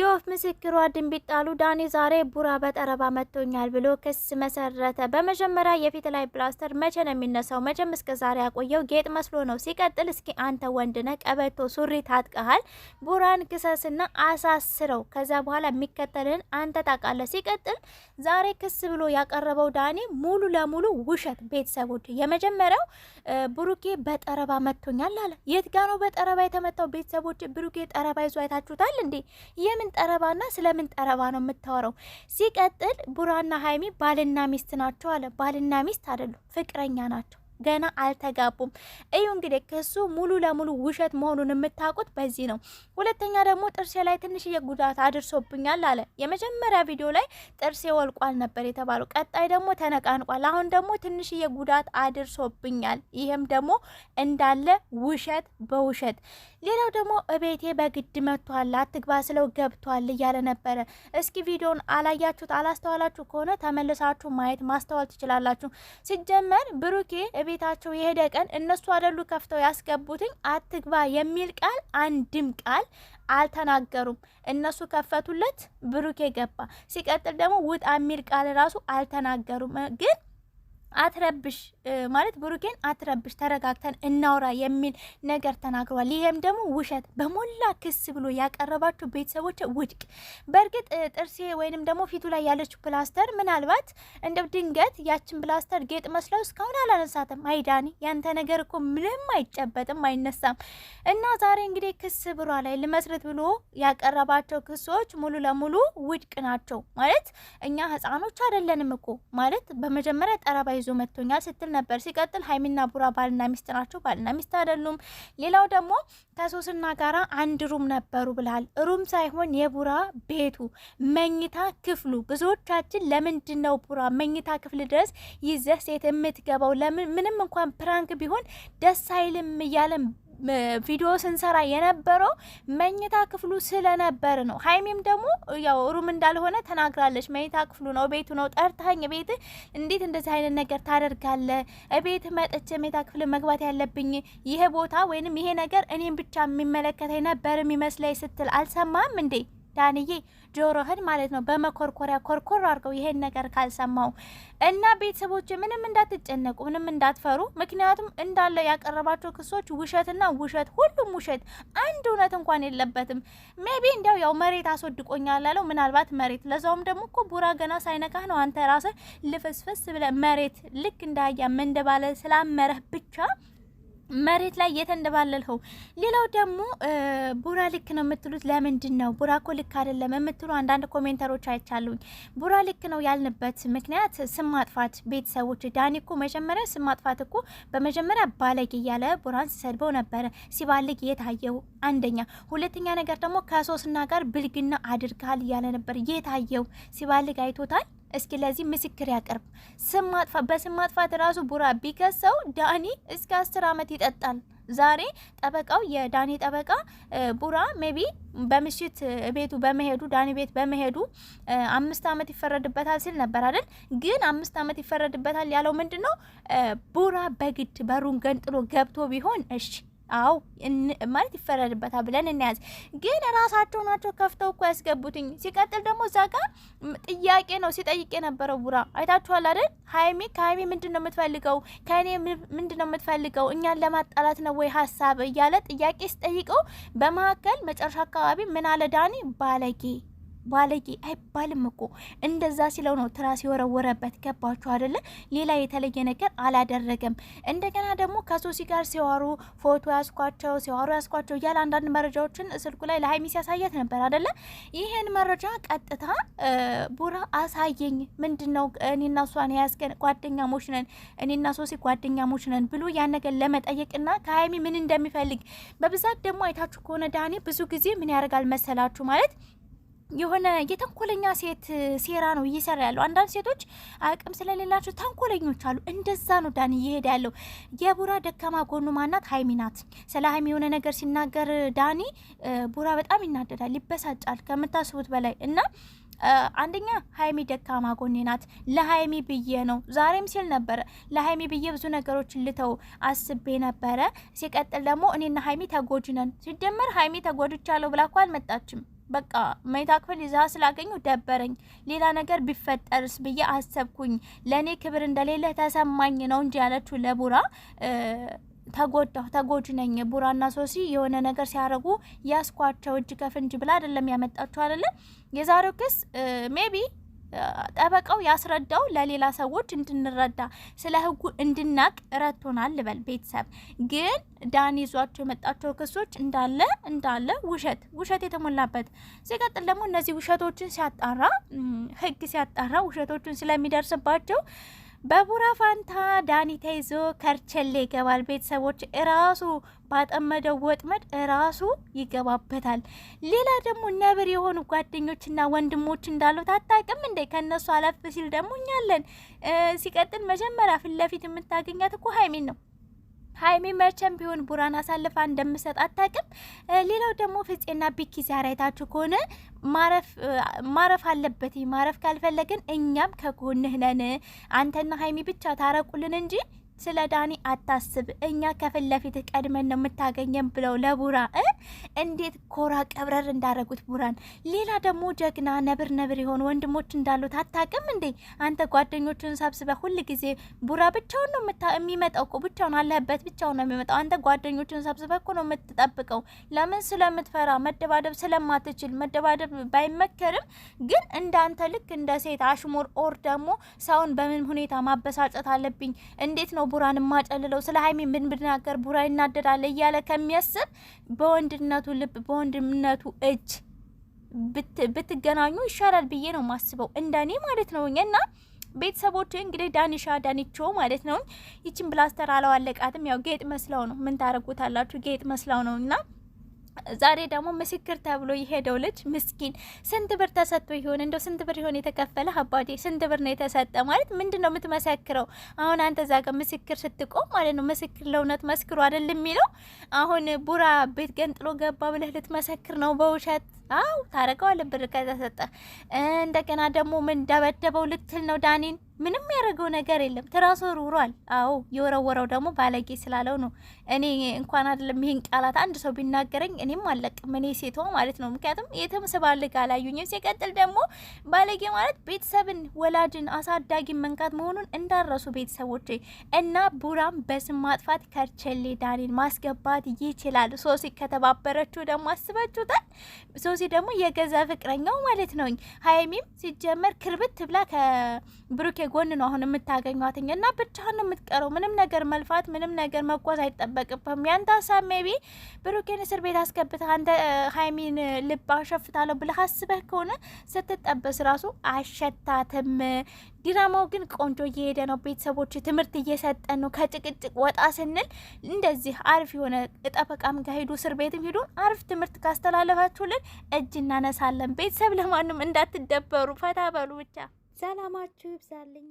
የወፍ ምስክሯ ድንቢጥ ጣሉ። ዳኒ ዛሬ ቡራ በጠረባ መጥቶኛል ብሎ ክስ መሰረተ። በመጀመሪያ የፊት ላይ ፕላስተር መቼ ነው የሚነሳው? መቼም እስከ ዛሬ ያቆየው ጌጥ መስሎ ነው። ሲቀጥል እስኪ አንተ ወንድነ ቀበቶ ሱሪ ታጥቀሃል፣ ቡራን ክሰስና አሳስረው። ከዛ በኋላ የሚከተልን አንተ ታቃለ። ሲቀጥል ዛሬ ክስ ብሎ ያቀረበው ዳኒ ሙሉ ለሙሉ ውሸት። ቤተሰቦች የመጀመሪያው ብሩኬ በጠረባ መጥቶኛል አለ። የት ጋ ነው በጠረባ የተመታው? ቤተሰቦች ብሩኬ ጠረባ ይዞ አይታችሁታል እንዴ? የምን ጠረባና ስለምን ጠረባ ነው የምታወራው? ሲቀጥል ቡራና ሀይሚ ባልና ሚስት ናቸው አለ። ባልና ሚስት አደሉ ፍቅረኛ ናቸው። ገና አልተጋቡም። እዩ እንግዲህ ክሱ ሙሉ ለሙሉ ውሸት መሆኑን የምታውቁት በዚህ ነው። ሁለተኛ ደግሞ ጥርሴ ላይ ትንሽዬ ጉዳት አድርሶብኛል አለ። የመጀመሪያ ቪዲዮ ላይ ጥርሴ ወልቋል ነበር የተባለው፣ ቀጣይ ደግሞ ተነቃንቋል፣ አሁን ደግሞ ትንሽዬ ጉዳት አድርሶብኛል። ይህም ደግሞ እንዳለ ውሸት በውሸት ሌላው ደግሞ እቤቴ በግድ መጥቷል አትግባ ስለው ገብቷል እያለ ነበረ። እስኪ ቪዲዮን አላያችሁት አላስተዋላችሁ ከሆነ ተመልሳችሁ ማየት ማስተዋል ትችላላችሁ። ሲጀመር ብሩኬ እቤታቸው የሄደ ቀን እነሱ አደሉ ከፍተው ያስገቡትኝ አትግባ የሚል ቃል አንድም ቃል አልተናገሩም። እነሱ ከፈቱለት፣ ብሩኬ ገባ። ሲቀጥል ደግሞ ውጣ የሚል ቃል ራሱ አልተናገሩም ግን አትረብሽ ማለት ብሩኬን አትረብሽ፣ ተረጋግተን እናውራ የሚል ነገር ተናግሯል። ይሄም ደግሞ ውሸት በሞላ ክስ ብሎ ያቀረባችሁ ቤተሰቦች ውድቅ። በእርግጥ ጥርሴ ወይንም ደግሞ ፊቱ ላይ ያለች ፕላስተር ምናልባት እንደው ድንገት ያችን ፕላስተር ጌጥ መስለው እስካሁን አላነሳትም። አይዳኒ ያንተ ነገር እኮ ምንም አይጨበጥም አይነሳም። እና ዛሬ እንግዲህ ክስ ብሯ ላይ ልመስርት ብሎ ያቀረባቸው ክሶች ሙሉ ለሙሉ ውድቅ ናቸው። ማለት እኛ ህፃኖች አይደለንም እኮ ማለት በመጀመሪያ ጠረባ ይዞ መጥቶኛል ስትል ነበር። ሲቀጥል ሀይሚና ቡራ ባልና ሚስት ናቸው። ባልና ሚስት አይደሉም። ሌላው ደግሞ ከሶስና ጋራ አንድ ሩም ነበሩ ብላል ሩም ሳይሆን የቡራ ቤቱ መኝታ ክፍሉ። ብዙዎቻችን ለምንድን ነው ቡራ መኝታ ክፍል ድረስ ይዘህ ሴት የምትገባው? ለምን ምንም እንኳን ፕራንክ ቢሆን ደስ አይልም እያለን ቪዲዮ ስንሰራ የነበረው መኝታ ክፍሉ ስለነበር ነው። ሀይሚም ደግሞ ያው ሩም እንዳልሆነ ተናግራለች። መኝታ ክፍሉ ነው፣ ቤቱ ነው። ጠርታኝ ቤት እንዴት እንደዚህ አይነት ነገር ታደርጋለ? ቤት መጥቼ መኝታ ክፍል መግባት ያለብኝ ይሄ ቦታ ወይንም ይሄ ነገር እኔም ብቻ የሚመለከተኝ ነበር የሚመስለኝ ስትል አልሰማም እንዴ? ዳንዬ ጆሮህን ማለት ነው በመኮርኮሪያ ኮርኮር አድርገው ይሄን ነገር ካልሰማው እና ቤተሰቦች ምንም እንዳትጨነቁ፣ ምንም እንዳትፈሩ። ምክንያቱም እንዳለ ያቀረባቸው ክሶች ውሸትና ውሸት፣ ሁሉም ውሸት፣ አንድ እውነት እንኳን የለበትም። ሜቢ እንዲያው ያው መሬት አስወድቆኛል ያለው ምናልባት መሬት ለዛውም ደግሞ እኮ ቡራ ገና ሳይነካህ ነው አንተ ራስህ ልፍስፍስ ብለህ መሬት ልክ እንዳያ ምንድ ባለ ስላመረህ ብቻ መሬት ላይ የተንደባለልኸው። ሌላው ደግሞ ቡራ ልክ ነው የምትሉት ለምንድን ነው? ቡራ እኮ ልክ አይደለም የምትሉ አንዳንድ ኮሜንተሮች አይቻሉኝ። ቡራ ልክ ነው ያልንበት ምክንያት ስም ማጥፋት ቤተሰቦች፣ ዳኒ እኮ መጀመሪያ ስም ማጥፋት እኮ በመጀመሪያ ባለጌ እያለ ቡራን ሲሰድበው ነበረ፣ ሲባልግ የታየው አንደኛ። ሁለተኛ ነገር ደግሞ ከሶስና ጋር ብልግና አድርጋል እያለ ነበር የታየው፣ ሲባልግ አይቶታል እስኪ ለዚህ ምስክር ያቀርብ። ስም ማጥፋት በስም ማጥፋት ራሱ ቡራ ቢከሰው ዳኒ እስከ አስር አመት ይጠጣል። ዛሬ ጠበቃው የዳኒ ጠበቃ ቡራ ሜቢ በምሽት ቤቱ በመሄዱ ዳኒ ቤት በመሄዱ አምስት አመት ይፈረድበታል ሲል ነበር አይደል? ግን አምስት አመት ይፈረድበታል ያለው ምንድን ነው? ቡራ በግድ በሩን ገንጥሎ ገብቶ ቢሆን እሺ አው ማለት ይፈረድበታል ብለን እናያዝ። ግን ራሳቸው ናቸው ከፍተው እኮ ያስገቡትኝ። ሲቀጥል ደግሞ እዛ ጋር ጥያቄ ነው ሲጠይቅ የነበረው ቡራ አይታችኋል አይደል? ሀይሚ ከሀይሚ ምንድን ነው የምትፈልገው? ከእኔ ምንድን ነው የምትፈልገው? እኛን ለማጣላት ነው ወይ ሀሳብ እያለ ጥያቄ ሲጠይቀው በመካከል መጨረሻ አካባቢ ምን አለ ዳኒ ባለጌ ባለጌ አይባልም እኮ እንደዛ ሲለው ነው ትራስ የወረወረበት። ገባችሁ አደለ? ሌላ የተለየ ነገር አላደረገም። እንደገና ደግሞ ከሶሲ ጋር ሲዋሩ ፎቶ ያስኳቸው ሲዋሩ ያስኳቸው እያለ አንዳንድ መረጃዎችን ስልኩ ላይ ለሀይሚ ሲያሳየት ነበር አደለ? ይህን መረጃ ቀጥታ ቡራ አሳየኝ፣ ምንድን ነው እኔና እሷን ያስገን ጓደኛሞች ነን፣ እኔና ሶሲ ጓደኛሞች ነን ብሎ ያን ነገር ለመጠየቅና ከሀይሚ ምን እንደሚፈልግ በብዛት ደግሞ አይታችሁ ከሆነ ዳኒ ብዙ ጊዜ ምን ያደርጋል መሰላችሁ ማለት የሆነ የተንኮለኛ ሴት ሴራ ነው እየሰራ ያለው። አንዳንድ ሴቶች አቅም ስለሌላቸው ተንኮለኞች አሉ። እንደዛ ነው ዳኒ እየሄደ ያለው። የቡራ ደካማ ጎኑ ማናት? ሀይሚ ናት። ስለ ሀይሚ የሆነ ነገር ሲናገር ዳኒ ቡራ በጣም ይናደዳል፣ ይበሳጫል ከምታስቡት በላይ እና አንደኛ ሀይሚ ደካማ ጎኔ ናት። ለሀይሚ ብዬ ነው ዛሬም ሲል ነበረ። ለሀይሚ ብዬ ብዙ ነገሮች ልተው አስቤ ነበረ። ሲቀጥል ደግሞ እኔና ሀይሚ ተጎጅነን ሲጀመር ሀይሚ ተጎድቻለሁ ብላ እኮ አልመጣችም። በቃ መኝታ ክፍል ይዛ ስላገኙ ደበረኝ። ሌላ ነገር ቢፈጠርስ ብዬ አሰብኩኝ። ለእኔ ክብር እንደሌለ ተሰማኝ ነው እንጂ ያለችው ለቡራ ተጎዳሁ ተጎጂ ነኝ። ቡራና ሶሲ የሆነ ነገር ሲያደርጉ ያስኳቸው እጅ ከፍንጅ ብላ አይደለም ያመጣችሁ አይደለም የዛሬው ክስ ሜቢ ጠበቃው ያስረዳው ለሌላ ሰዎች እንድንረዳ ስለ ህጉ እንድናቅ ረቶናል ልበል። ቤተሰብ ግን ዳን ይዟቸው የመጣቸው ክሶች እንዳለ እንዳለ ውሸት ውሸት የተሞላበት ሲቀጥል ደግሞ እነዚህ ውሸቶችን ሲያጣራ ህግ ሲያጣራ ውሸቶችን ስለሚደርስባቸው በቡራ ፋንታ ዳኒ ተይዞ ከርቸሌ ይገባል። ቤተሰቦች እራሱ ባጠመደው ወጥመድ እራሱ ይገባበታል። ሌላ ደግሞ ነብር የሆኑ ጓደኞችና ወንድሞች እንዳሉት አታውቅም እንዴ? ከእነሱ አለፍ ሲል ደግሞ እኛለን። ሲቀጥል መጀመሪያ ፊት ለፊት የምታገኛት እኮ ሀይሚን ነው። ሀይሚ መቼም ቢሆን ቡራን አሳልፋ እንደምሰጥ አታውቅም። ሌላው ደግሞ ፍጼና ቢኪ ሲያራይታችሁ ከሆነ ማረፍ አለበት። ማረፍ ካልፈለግን እኛም ከጎንህ ነን፣ አንተና ሀይሚ ብቻ ታረቁልን እንጂ ስለ ዳኒ አታስብ፣ እኛ ከፊት ለፊት ቀድመን ነው የምታገኘን ብለው ለቡራ እንዴት ኮራ ቀብረር እንዳረጉት ቡራን። ሌላ ደግሞ ጀግና ነብር ነብር የሆኑ ወንድሞች እንዳሉት አታውቅም እንዴ አንተ? ጓደኞቹን ሰብስበ ሁል ጊዜ ቡራ ብቻውን ነው የሚመጣው እኮ ብቻውን አለበት ብቻውን ነው የሚመጣው። አንተ ጓደኞቹን ሰብስበ እኮ ነው የምትጠብቀው። ለምን? ስለምትፈራ መደባደብ ስለማትችል። መደባደብ ባይመከርም ግን እንዳንተ ልክ እንደ ሴት አሽሙር ኦር ደግሞ ሰውን በምን ሁኔታ ማበሳጨት አለብኝ እንዴት ነው ቡራን ማጨልለው ስለ ሀይሚ ምን ብናገር ቡራ ይናደዳል እያለ ከሚያስብ በወንድነቱ ልብ በወንድነቱ እጅ ብትገናኙ ይሻላል ብዬ ነው ማስበው፣ እንደኔ ማለት ነው እና ቤተሰቦች እንግዲህ ዳንሻ ዳንቾ ማለት ነው። ይችን ብላስተር አለዋለቃትም ያው ጌጥ መስለው ነው። ምን ታረጉታላችሁ? ጌጥ መስላው ነው እና ዛሬ ደግሞ ምስክር ተብሎ የሄደው ልጅ ምስኪን ስንት ብር ተሰጥቶ ይሆን? እንደው ስንት ብር ይሆን የተከፈለ? አባቴ ስንት ብር ነው የተሰጠ ማለት ምንድን ነው የምትመሰክረው? አሁን አንተ እዛ ጋር ምስክር ስትቆም ማለት ነው ምስክር ለእውነት መስክሩ አይደል የሚለው። አሁን ቡራ ቤት ገንጥሎ ገባ ብለህ ልትመሰክር ነው በውሸት አው ታረገዋለህ። ብር ከተሰጠ እንደገና ደግሞ ምን ደበደበው ልትል ነው ዳኒን? ምንም ያደረገው ነገር የለም። ትራሱ ሩሯል። አዎ የወረወረው ደግሞ ባለጌ ስላለው ነው። እኔ እንኳን አይደለም ይህን ቃላት አንድ ሰው ቢናገረኝ እኔም አለቅም። እኔ ሴቷ ማለት ነው። ምክንያቱም የተምስባልግ አላዩኝም። ሲቀጥል ደግሞ ባለጌ ማለት ቤተሰብን፣ ወላጅን፣ አሳዳጊን መንካት መሆኑን እንዳረሱ ቤተሰቦች እና ቡራም በስም ማጥፋት ከርቸሌ ዳኒን ማስገባት ይችላል። ሶሲ ከተባበረችው ደግሞ አስበችሁታል። ሶሲ ደግሞ የገዛ ፍቅረኛው ማለት ነው። ሀይሚም ሲጀመር ክርብት ብላ ከብሩኬ ጎን ነው አሁን የምታገኟትኝ እና ብቻህን ነው የምትቀረው። ምንም ነገር መልፋት፣ ምንም ነገር መጓዝ አይጠበቅብም። ያንተ ሀሳብ ሜቢ ብሩኬን እስር ቤት አስገብተህ አንተ ሀይሚን ልብ አሸፍታለሁ ብለህ አስበህ ከሆነ ስትጠበስ ራሱ አሸታትም ዲራማው ግን ቆንጆ እየሄደ ነው። ቤተሰቦች ትምህርት እየሰጠን ነው። ከጭቅጭቅ ወጣ ስንል እንደዚህ አሪፍ የሆነ ጠበቃም ጋር ሄዱ፣ እስር ቤትም ሄዱ። አሪፍ ትምህርት ካስተላለፋችሁልን እጅ እናነሳለን። ቤተሰብ ለማንም እንዳትደበሩ፣ ፈታ በሉ ብቻ። ሰላማችሁ ይብዛልኝ።